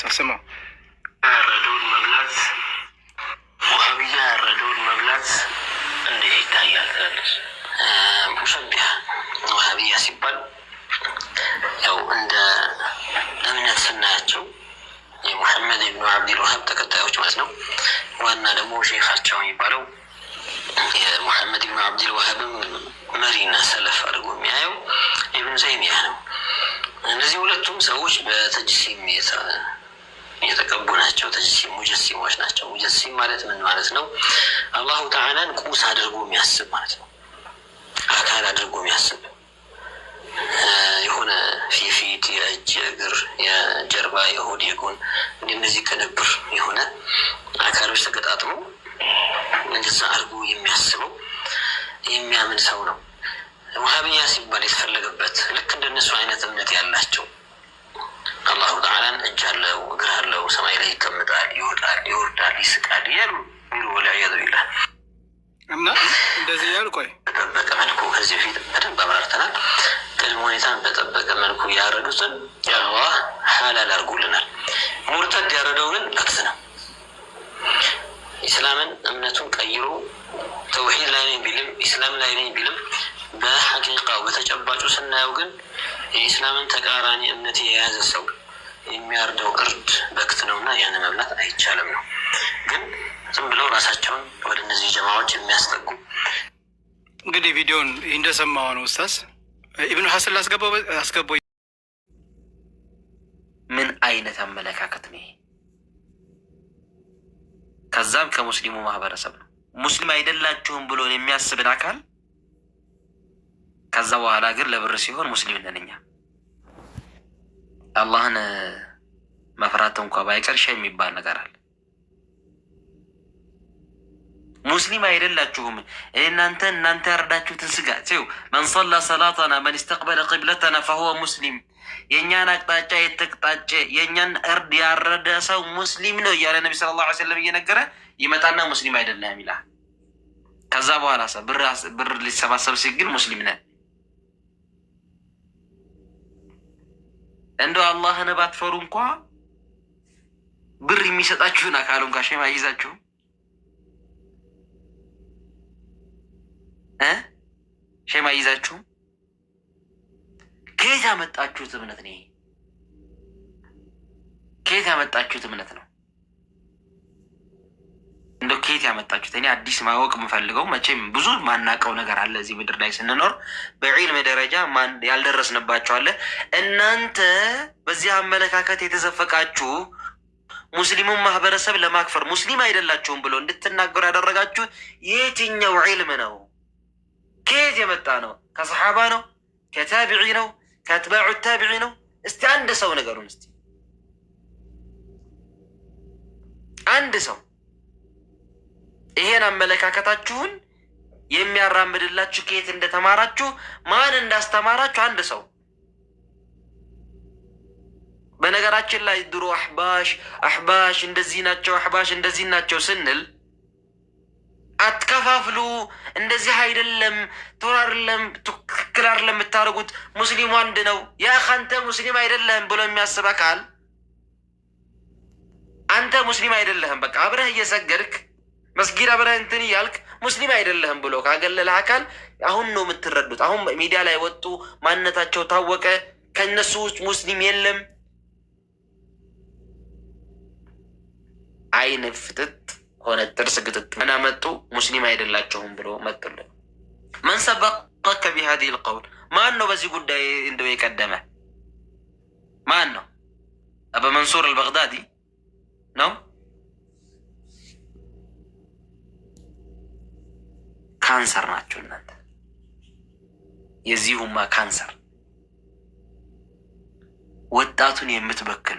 prochaine ናቸው። ተጅሲም ሙጀሲሞች ናቸው። ሙጀሲም ማለት ምን ማለት ነው? አላሁ ተዓላን ቁስ አድርጎ የሚያስብ ማለት ነው። አካል አድርጎ የሚያስብ የሆነ ፊፊት፣ የእጅ የእግር፣ የጀርባ፣ የሆድ፣ የጎን እንደነዚህ ቅንብር የሆነ አካሎች ተገጣጥሞ እንደዛ አድርጎ የሚያስበው የሚያምን ሰው ነው። ውሃብያ ሲባል የተፈለገበት ልክ እንደነሱ አይነት እምነት ያላቸው አላሁ ተዓላን እጅ አለው እግር አለው ሰማይ ላይ ይቀምጣል፣ ይወጣል፣ ይወርዳል፣ ይስቃል እያሉ ሚሉ ወላያዙ ይላል እና እንደዚህ እያሉ ቆይ በጠበቀ መልኩ ከዚህ በፊት በደንብ አብራርተናል። ቅድመ ሁኔታን በጠበቀ መልኩ ያረዱትን ያዋ ሀላል አድርጎልናል። ሙርተድ ያረደው ግን በክት ነው። ኢስላምን እምነቱን ቀይሮ ተውሂድ ላይ ነኝ ቢልም ኢስላም ላይ ነኝ ቢልም በሐቂቃው በተጨባጩ ስናየው ግን የኢስላምን ተቃራኒ እምነት የያዘ ሰው የሚያርደው እርድ በክት ነው እና ያን መብላት አይቻልም ነው። ግን ዝም ብለው ራሳቸውን ወደ እነዚህ ጀማዎች የሚያስጠጉ እንግዲህ ቪዲዮን እንደሰማው ነው ኡስታዝ ኢብኑ ሀሰን አስገባው። ምን አይነት አመለካከት ነው ይሄ? ከዛም ከሙስሊሙ ማህበረሰብ ነው ሙስሊም አይደላችሁም ብሎን የሚያስብን አካል ከዛ በኋላ ግን ለብር ሲሆን ሙስሊም ነን እኛ አላህን መፍራት እንኳ ባይቀር የሚባል ነገር አለ። ሙስሊም አይደላችሁም እናንተ እናንተ ያረዳችሁትን ስጋ ው መን ሰላ ሰላተና መን ስተቅበለ ቅብለተና ፈሁወ ሙስሊም የእኛን አቅጣጫ የተቅጣጨ የእኛን እርድ ያረደ ሰው ሙስሊም ነው እያለ ነቢ ስለ ላ ስለም እየነገረ ይመጣና ሙስሊም አይደለም ይላል። ከዛ በኋላ ብር ሊሰባሰብ ሲግል ሙስሊም ነን እንደው አላህን ባትፈሩ እንኳ ብር የሚሰጣችሁን አካሉን ጋሽ ይዛችሁ ሸማ ይዛችሁ ከየት ያመጣችሁት እምነት ነው? ከየት ያመጣችሁት እምነት ነው? ከየት ያመጣችሁት? እኔ አዲስ ማወቅ የምፈልገው መቼም ብዙ ማናቀው ነገር አለ እዚህ ምድር ላይ ስንኖር በዒልም ደረጃ ያልደረስንባቸው አለ። እናንተ በዚህ አመለካከት የተዘፈቃችሁ ሙስሊሙን ማህበረሰብ ለማክፈር ሙስሊም አይደላችሁም ብሎ እንድትናገሩ ያደረጋችሁ የትኛው ዒልም ነው? ከየት የመጣ ነው? ከሰሓባ ነው? ከታቢዒ ነው? ከአትባዑ ታቢዒ ነው? እስቲ አንድ ሰው ነገሩን እስቲ አንድ ሰው ይሄን አመለካከታችሁን የሚያራምድላችሁ ከየት እንደተማራችሁ ማን እንዳስተማራችሁ አንድ ሰው በነገራችን ላይ ድሮ አሕባሽ አሕባሽ እንደዚህ ናቸው፣ አሕባሽ እንደዚህ ናቸው ስንል አትከፋፍሉ፣ እንደዚህ አይደለም፣ ቶራርለም ትክክላር ለምታደርጉት ሙስሊሙ አንድ ነው። ያ አንተ ሙስሊም አይደለህም ብሎ የሚያስብ አካል አንተ ሙስሊም አይደለህም፣ በቃ አብረህ እየሰገድክ መስጊድ አብረህ እንትን እያልክ ሙስሊም አይደለህም ብሎ ካገለለ አካል አሁን ነው የምትረዱት። አሁን ሚዲያ ላይ ወጡ፣ ማንነታቸው ታወቀ። ከእነሱ ውስጥ ሙስሊም የለም። አይን ፍጥጥ ሆነ ጥርስ ግጥጥ እና መጡ ሙስሊም አይደላቸውም ብሎ መጡልን። መን ሰበቀከ ቢሃዚህ ልቀውል ማን ነው በዚህ ጉዳይ እንደው የቀደመ ማን ነው? አበመንሱር አልበግዳዲ ነው ካንሰር ናቸው። እናንተ የዚሁማ ካንሰር ወጣቱን የምትበክሉ።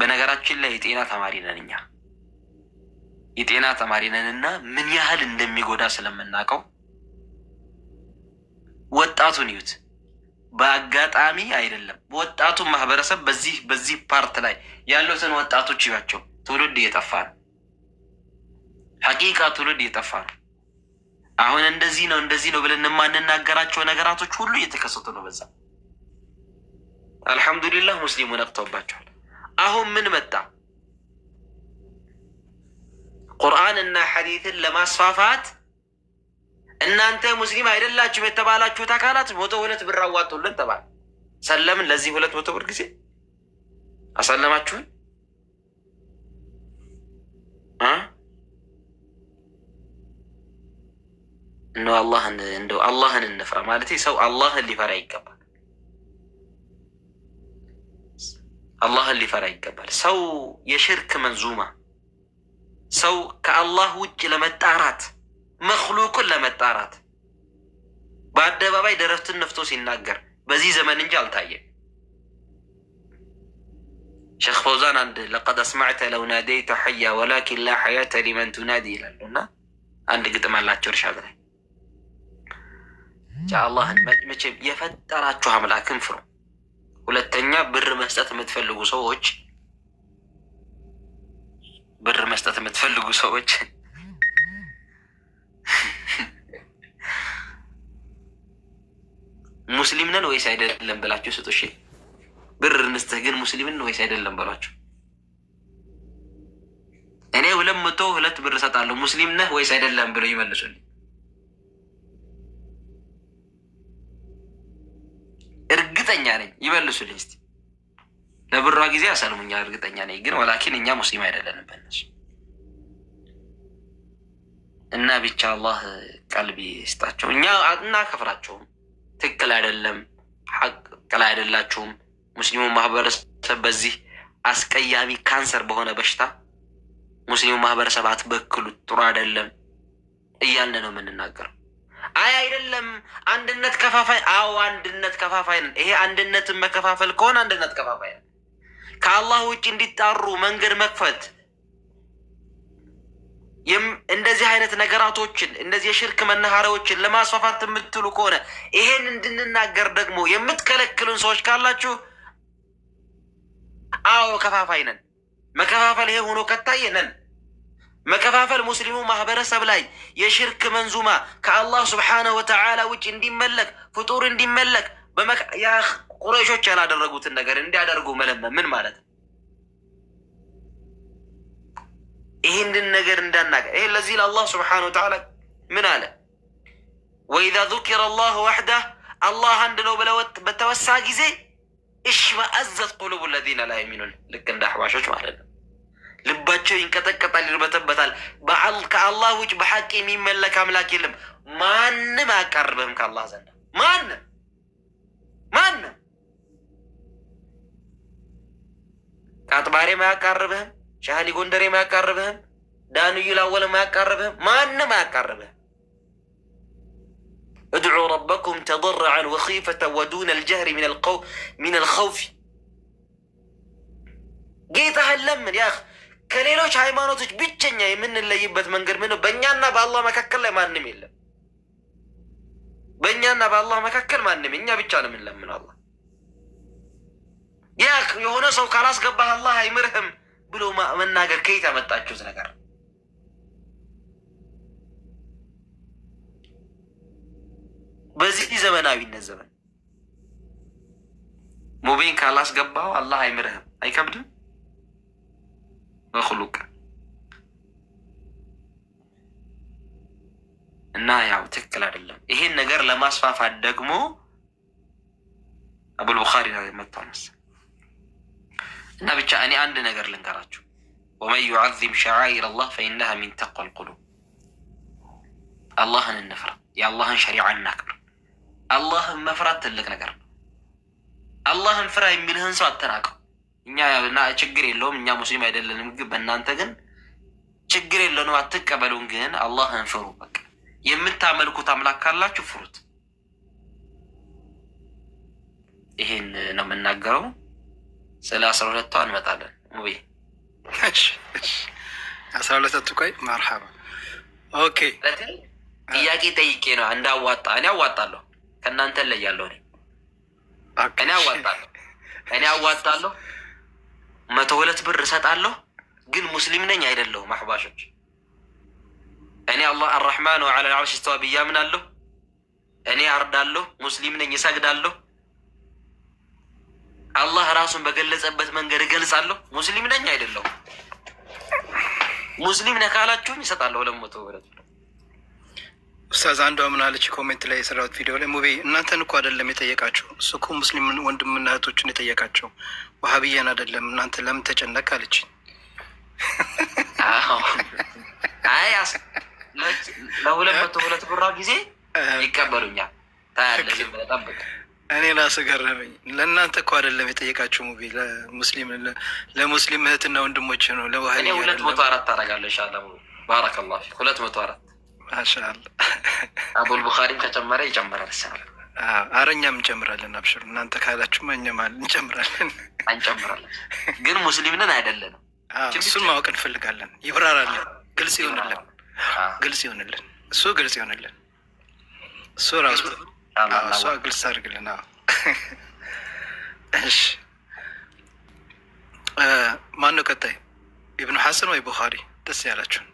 በነገራችን ላይ የጤና ተማሪ ነን እኛ የጤና ተማሪ ነን እና ምን ያህል እንደሚጎዳ ስለምናውቀው ወጣቱን ይዩት። በአጋጣሚ አይደለም። ወጣቱ ማህበረሰብ በዚህ በዚህ ፓርት ላይ ያሉትን ወጣቶች ይዩዋቸው። ትውልድ እየጠፋ ነው። ሀቂቃ ትውልድ እየጠፋ ነው። አሁን እንደዚህ ነው እንደዚህ ነው ብለን የማንናገራቸው ነገራቶች ሁሉ እየተከሰቱ ነው። በዛ አልሐምዱሊላህ ሙስሊሙን ነቅተውባቸዋል። አሁን ምን መጣ? ቁርአን እና ሐዲትን ለማስፋፋት እናንተ ሙስሊም አይደላችሁም የተባላችሁት አካላት መቶ ሁለት ብር አዋጡልን ተባለ። ሰለምን ለዚህ ሁለት መቶ ብር ጊዜ አሳለማችሁን እንደ አላህን አላህን እንፍራ ማለት ሰው አላህን ሊፈራ ይገባል። አላህን ሊፈራ ይገባል። ሰው የሽርክ መንዙማ ሰው ከአላህ ውጭ ለመጣራት መክሉቅን ለመጣራት በአደባባይ ደረፍትን ነፍቶ ሲናገር በዚህ ዘመን እንጂ አልታየም። ሸክ ፈውዛን አንድ ለቀድ አስማዕተ ለው ናደይተ ሐያ ወላኪን ላ ሐያተ ሊመን ቱናዲ ይላሉ እና አንድ ግጥም አላቸው እርሻ ላይ ብቻ አላህን መቼም የፈጠራችሁ አምላክን ፍሩ። ሁለተኛ ብር መስጠት የምትፈልጉ ሰዎች ብር መስጠት የምትፈልጉ ሰዎች ሙስሊም ነን ወይስ አይደለም ብላችሁ ስጡ። እሺ ብር እንስትህ ግን ሙስሊም ነን ወይስ አይደለም በሏቸው። እኔ ሁለት መቶ ሁለት ብር እሰጣለሁ ሙስሊም ነህ ወይስ አይደለም ብለው ይመልሱልኝ። እርግጠኛ ነኝ። ይመልሱልኝ እስኪ። ለብሯ ጊዜ ያሰልሙኛ እርግጠኛ ነኝ። ግን ወላኪን እኛ ሙስሊም አይደለንም በነሱ እና ብቻ አላህ ቀልቢ ይስጣቸው። እኛ እናከፍራቸውም። ትክክል አይደለም፣ ሐቅ ላይ አይደላችሁም። ሙስሊሙ ማህበረሰብ በዚህ አስቀያሚ ካንሰር በሆነ በሽታ ሙስሊሙ ማህበረሰብ አትበክሉት፣ ጥሩ አይደለም እያልን ነው የምንናገረው። አይ አይደለም፣ አንድነት ከፋፋይ። አዎ አንድነት ከፋፋይ ነን። ይሄ አንድነትን መከፋፈል ከሆነ አንድነት ከፋፋይ ነን። ከአላህ ውጭ እንዲጣሩ መንገድ መክፈት፣ እንደዚህ አይነት ነገራቶችን እንደዚህ የሽርክ መናኸሪያዎችን ለማስፋፋት የምትሉ ከሆነ ይሄን እንድንናገር ደግሞ የምትከለክሉን ሰዎች ካላችሁ፣ አዎ ከፋፋይ ነን። መከፋፈል ይሄ ሆኖ ከታየ ነን። መከፋፈል ሙስሊሙ ማህበረሰብ ላይ የሽርክ መንዙማ ከአላህ ስብሓነሁ ወተዓላ ውጭ እንዲመለክ ፍጡር እንዲመለክ ቁረይሾች ያላደረጉትን ነገር እንዲያደርጉ መለመን ምን ማለት ነው? ይህንን ነገር እንዳናቀ ይህ ለዚህ ለአላህ ስብሓነሁ ወተዓላ ምን አለ? ወኢዛ ዙኪረ አላህ ወሕዳህ አላህ አንድ ነው ብለው በተወሳ ጊዜ እሽመአዘት ቁሉቡ ለዚነ ላ ዩሚኑን ልክ እንደ አሕባሾች ማለት ነው። ልባቸው ይንቀጠቀጣል፣ ይርበተበታል። ከአላህ ውጭ በሐቅ የሚመለክ አምላክ የለም። ማንም አያቃርብህም ከአላህ ዘንድ ማንም ማንም ከአጥባሬም አያቃርብህም፣ ሻህሊ ጎንደሬም አያቃርብህም፣ ዳንዩ ላወለም አያቃርብህም፣ ማንም አያቃርብህም። እድዑ ረበኩም ተضርዐን ወኺፈተ ወዱነ ልጀህሪ ሚን አልኸውፊ ጌታህን ለምን ያ ከሌሎች ሃይማኖቶች ብቸኛ የምንለይበት መንገድ ምነው? በእኛና በአላህ መካከል ላይ ማንም የለም። በእኛና በአላህ መካከል ማንም እኛ ብቻ ነው የምንለምን። አላህ ያ የሆነ ሰው ካላስገባህ አላህ አይምርህም ብሎ መናገር ከየት ያመጣችሁት ነገር? በዚህ ዘመናዊነት ዘመን ሙቤን ካላስገባው አላህ አይምርህም። አይከብድም? መክሉቅ እና ያው ትክክል አይደለም። ይሄን ነገር ለማስፋፋት ደግሞ አቡል ቡኻሪ ነው የመጣው መሰለኝ። እና ብቻ እኔ አንድ ነገር ልንገራችሁ፣ ወመን ዩዓዚም ሸዓኢር አላህ ፈኢናሃ ሚን ተቅዋል ቁሉብ። አላህን እንፍራ፣ የአላህን ሸሪዓ እናክብር። አላህን መፍራት ትልቅ ነገር ነው። አላህን ፍራ የሚልህን ሰው አተናቀው እኛ እና ችግር የለውም እኛ ሙስሊም አይደለንም፣ ግን በእናንተ ግን ችግር የለንም አትቀበሉን፣ ግን አላህን ፍሩ። በቃ የምታመልኩት አምላክ ካላችሁ ፍሩት። ይሄን ነው የምናገረው። ስለ አስራ ሁለቱ እንመጣለን። ሙቤ አስራ ሁለቱ ቆይ መርሓባ ኦኬ። ጥያቄ ጠይቄ ነው እንዳዋጣ እኔ አዋጣለሁ፣ ከእናንተ እለያለሁ። እኔ አዋጣለሁ እኔ አዋጣለሁ መቶ ሁለት ብር እሰጣለሁ፣ ግን ሙስሊም ነኝ አይደለሁም። አሕባሾች እኔ አላህ አራሕማን ወዓላ ልዓርሽ ስተዋ ብያምናለሁ፣ እኔ አርዳለሁ፣ ሙስሊም ነኝ፣ እሰግዳለሁ፣ አላህ ራሱን በገለጸበት መንገድ እገልጻለሁ፣ ሙስሊም ነኝ አይደለሁም። ሙስሊም ነህ ካላችሁኝ ለመቶ ሁለት ኡስታዝ አንዷ ምን አለች? ኮሜንት ላይ የሰራሁት ቪዲዮ ላይ ሙቤ እናንተን እኮ አይደለም የጠየቃቸው እሱ እኮ ሙስሊም ወንድምና እህቶችን የጠየቃቸው ዋሀብያን አይደለም። እናንተ ለምን ተጨነቅ አለች። ለሁለት መቶ ሁለት ጉራ ጊዜ ይቀበሉኛል። ታያለህ። እኔ ራስ ገረመኝ። ለእናንተ እኮ አይደለም የጠየቃቸው ሙቤ ለሙስሊም ለሙስሊም እህትና ወንድሞች ነው። ለዋሀ ሁለት መቶ አራት ታደርጋለህ። ሻላ ባረከላ ሁለት መቶ አራት ማሻአላ አቡል ቡኻሪም ከጨመረ ይጨምራል። ሳል አረ እኛም እንጨምራለን። አብሽሩ እናንተ ካላችሁማ እኛም እንጨምራለን። አንጨምራለን ግን ሙስሊምንን አይደለንም። እሱን ማወቅ እንፈልጋለን። ይብራራለን። ግልጽ ይሆንልን፣ ግልጽ ይሆንልን። እሱ ግልጽ ይሆንልን። እሱ ራሱ እሷ ግልጽ አድርግልን። እሺ ማን ነው ቀጣይ? ኢብኑ ሐሰን ወይ ቡኻሪ? ደስ ያላችሁን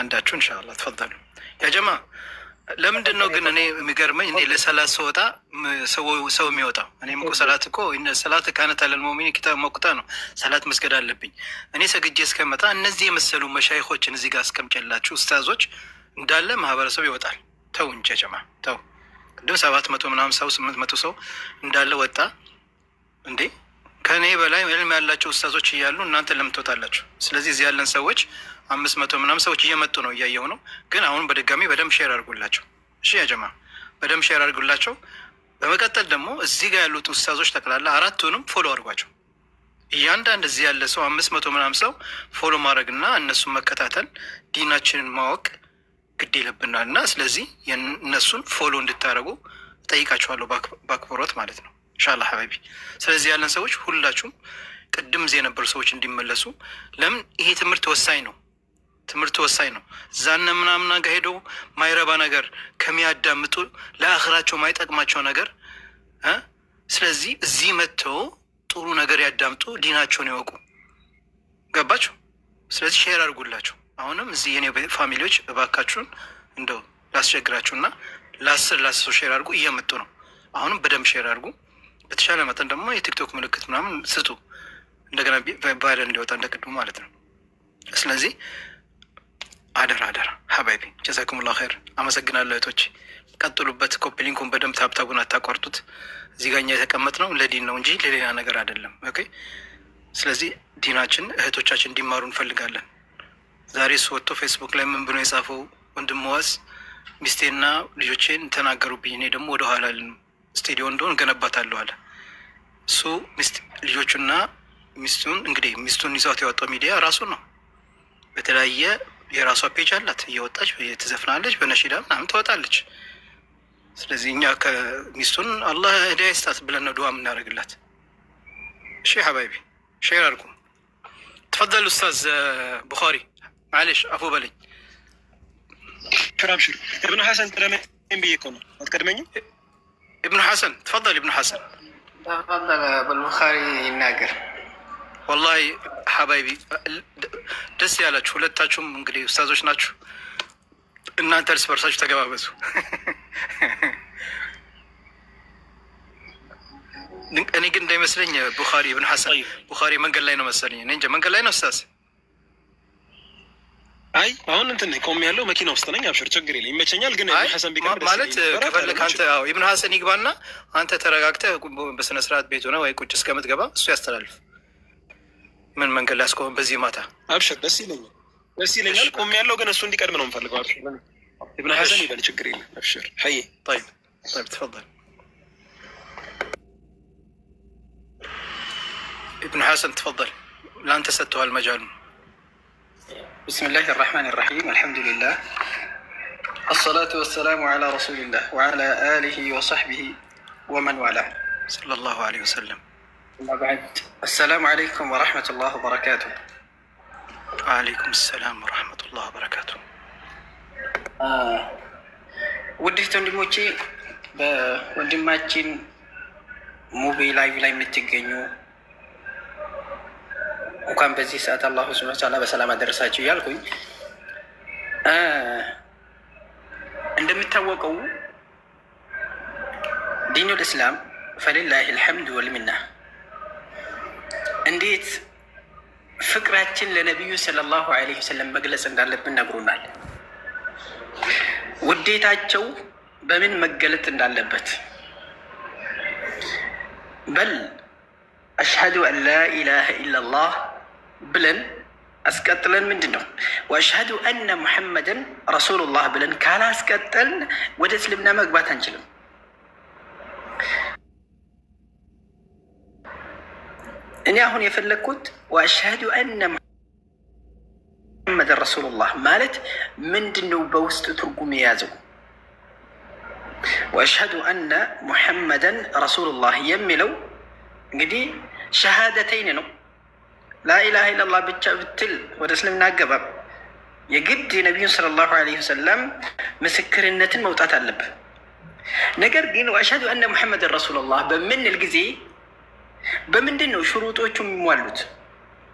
አንዳችሁ እንሻላ ተፈጠሉ ያጀማ። ለምንድን ነው ግን እኔ የሚገርመኝ እኔ ለሰላት ስወጣ ሰው የሚወጣው እኔም እኮ ሰላት እኮ ሰላት ካነት አለል ሙእሚኒን ኪታብ መቁጣ ነው። ሰላት መስገድ አለብኝ እኔ ሰግጄ እስከመጣ እነዚህ የመሰሉ መሻይኮችን እዚህ ጋር እስከምጨላችሁ ኡስታዞች እንዳለ ማህበረሰብ ይወጣል። ተው እንጂ ያጀማ ተው። ቅድም ሰባት መቶ ምናምን ሰው ስምንት መቶ ሰው እንዳለ ወጣ እንዴ ከእኔ በላይ ዕልም ያላቸው ውስታዞች እያሉ እናንተ ለምትወጣላችሁ። ስለዚህ እዚህ ያለን ሰዎች አምስት መቶ ምናምን ሰዎች እየመጡ ነው፣ እያየው ነው። ግን አሁን በድጋሚ በደንብ ሼር አድርጉላቸው። እሺ ያጀማ በደንብ ሼር አድርጉላቸው። በመቀጠል ደግሞ እዚህ ጋር ያሉት ውሳዞች ጠቅላላ አራቱንም ፎሎ አድርጓቸው። እያንዳንድ እዚህ ያለ ሰው አምስት መቶ ምናምን ሰው ፎሎ ማድረግና እነሱን መከታተል ዲናችንን ማወቅ ግድ ይለብናል እና ስለዚህ የእነሱን ፎሎ እንድታደርጉ ጠይቃችኋለሁ፣ በአክብሮት ማለት ነው። ሻላ ሀበቢ። ስለዚህ ያለን ሰዎች ሁላችሁም ቅድም እዚህ የነበሩ ሰዎች እንዲመለሱ። ለምን ይሄ ትምህርት ወሳኝ ነው። ትምህርት ወሳኝ ነው። እዛነ ምናምና ጋር ሄደው ማይረባ ነገር ከሚያዳምጡ ለአኽራቸው ማይጠቅማቸው ነገር ስለዚህ እዚህ መጥተው ጥሩ ነገር ያዳምጡ፣ ዲናቸውን ያወቁ። ገባችሁ? ስለዚህ ሼር አድርጉላቸው። አሁንም እዚህ የኔ ፋሚሊዎች እባካችሁን እንደው ላስቸግራችሁና ለአስር ለአስር ሼር አድርጉ። እየመጡ ነው። አሁንም በደንብ ሼር አድርጉ። በተሻለ መጠን ደግሞ የቲክቶክ ምልክት ምናምን ስጡ። እንደገና ቫይረል እንዲወጣ እንደቅድሙ ማለት ነው። ስለዚህ አደራ አደራ ሀባይቢ ጀዛኩሙላ ኸይር። አመሰግናለሁ እህቶች፣ ቀጥሉበት። ኮፒሊንኩን በደንብ ታብታቡን አታቋርጡት። እዚህ ጋኛ የተቀመጥነው ለዲን ነው እንጂ ለሌላ ነገር አይደለም። ኦኬ። ስለዚህ ዲናችን እህቶቻችን እንዲማሩ እንፈልጋለን። ዛሬ እሱ ወጥቶ ፌስቡክ ላይ ምን ብሎ የጻፈው ወንድም ዋስ ሚስቴና ልጆቼን ተናገሩብኝ፣ እኔ ደግሞ ወደኋላ ልንም ስቴዲዮ እንደሆን ገነባታለሁ አለ። እሱ ልጆቹና ሚስቱን እንግዲህ ሚስቱን ይዛት የወጣው ሚዲያ ራሱ ነው። በተለያየ የራሷ ፔጅ አላት፣ እየወጣች ትዘፍናለች፣ በነሺዳ ምናምን ትወጣለች። ስለዚህ እኛ ከሚስቱን አላህ ሂዳያ ይስጣት ብለን ነው ድዋ የምናደርግላት። እሺ ሀባይቢ ሸር አርጉ። ተፈዘል ኡስታዝ ቡኻሪ ማለሽ አፉ በለኝ። ሽራብሽሩ እብን ሐሰን ቅደመኝ ብዬ እኮ ነው አትቀድመኝም ሐሰን ተፈል ብኑ ሐሰን በልቡኻሪ ይናገር። ወላሂ ሐባይቢ ደስ ያላችሁ ሁለታችሁም እንግዲህ ኡስታዞች ናችሁ። እናንተ እርስ በርሳችሁ ተገባበዙ። እኔ ግን እንዳይመስለኝ ቡኻሪ ብን ሐሰን ቡኻሪ መንገድ ላይ ነው መሰለኝ። እኔ እንጃ መንገድ ላይ ነው ኡስታዝ አይ አሁን እንትን ቆም ያለው መኪና ውስጥ ነኝ። አብሽር ችግር የለም ይመቸኛል። ግን ሀሰን ቢቀር ማለት ከፈለክ አንተ ኢብን ሀሰን ይግባና አንተ ተረጋግተህ በስነ ስርዓት ቤት ሆነ ወይ ቁጭ እስከምትገባ እሱ ያስተላልፍ። ምን መንገድ ላስቆም በዚህ ማታ አብሽር። ደስ ይለኛል፣ ደስ ይለኛል። ቆም ያለው ግን እሱ እንዲቀድም ነው የምፈልገው። አብሽር ኢብን ሀሰን ይበል፣ ችግር የለም አብሽር። ሀይ طيب طيب تفضل ابن حسن تفضل ለአንተ ሰጥተዋል መጃሉን بسم الله الرحمن الرحيم الحمد لله الصلاة والسلام على رسول الله وعلى آله وصحبه ومن والاه صلى الله عليه وسلم ما بعد السلام عليكم ورحمة الله وبركاته وعليكم السلام ورحمة الله وبركاته آه. ውድህት ወንድሞቼ በወንድማችን ሙቤ ላይ لايف የምትገኙ እንኳን በዚህ ሰዓት አላሁ ሱብሃነሁ ወተዓላ በሰላም አደረሳችሁ እያልኩኝ እንደሚታወቀው ዲኑል እስላም ፈሊላህ ልሐምድ ወልሚና እንዴት ፍቅራችን ለነቢዩ ሰለላሁ ዐለይሂ ወሰለም መግለጽ እንዳለብን ነግሩናል። ውዴታቸው በምን መገለጥ እንዳለበት በል አሽሀዱ አን ላ ኢላሃ ኢለላህ ብለን አስቀጥለን ምንድን ነው ወአሽሀዱ አነ ሙሐመድን ረሱሉላህ ብለን ካላስቀጠልን ወደ እስልምና መግባት አንችልም። እኔ አሁን የፈለግኩት ወአሽሀዱ አነ ሙሐመድን ረሱሉላህ ማለት ምንድን ነው በውስጡ ትርጉም የያዘው ወአሽሀዱ አነ ሙሐመድን ረሱሉላህ የሚለው እንግዲህ ሸሃደተይን ነው ላኢላሃ ኢለላህ ብቻ ብትል ወደ እስልምና አገባም የግድ የነቢዩን ሰለላሁ ዐለይሂ ወሰለም ምስክርነትን መውጣት አለብህ። ነገር ግን ወአሽሀዱ አነ ሙሐመድን ረሱሉላህ በምንል ጊዜ በምንድን ነው ሽሩጦቹ የሚሟሉት?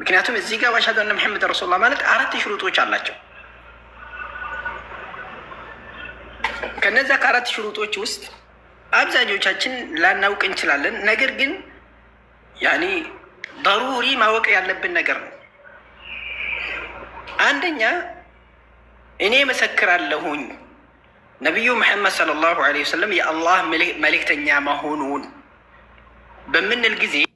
ምክንያቱም እዚህ ጋር ወአሽሀዱ አነ ሙሐመድን ረሱሉላህ ማለት አራት ሽሩጦች አላቸው። ከነዚ ከአራት ሽሩጦች ውስጥ አብዛኞቻችን ላናውቅ እንችላለን። ነገር ግን ያኔ ضሩሪ ማወቅ ያለብን ነገር ነው። አንደኛ እኔ መሰክራለሁኝ ነቢዩ መሐመድ ሰለላሁ ዐለይሂ ወሰለም የአላህ መልእክተኛ መሆኑን በምንል ጊዜ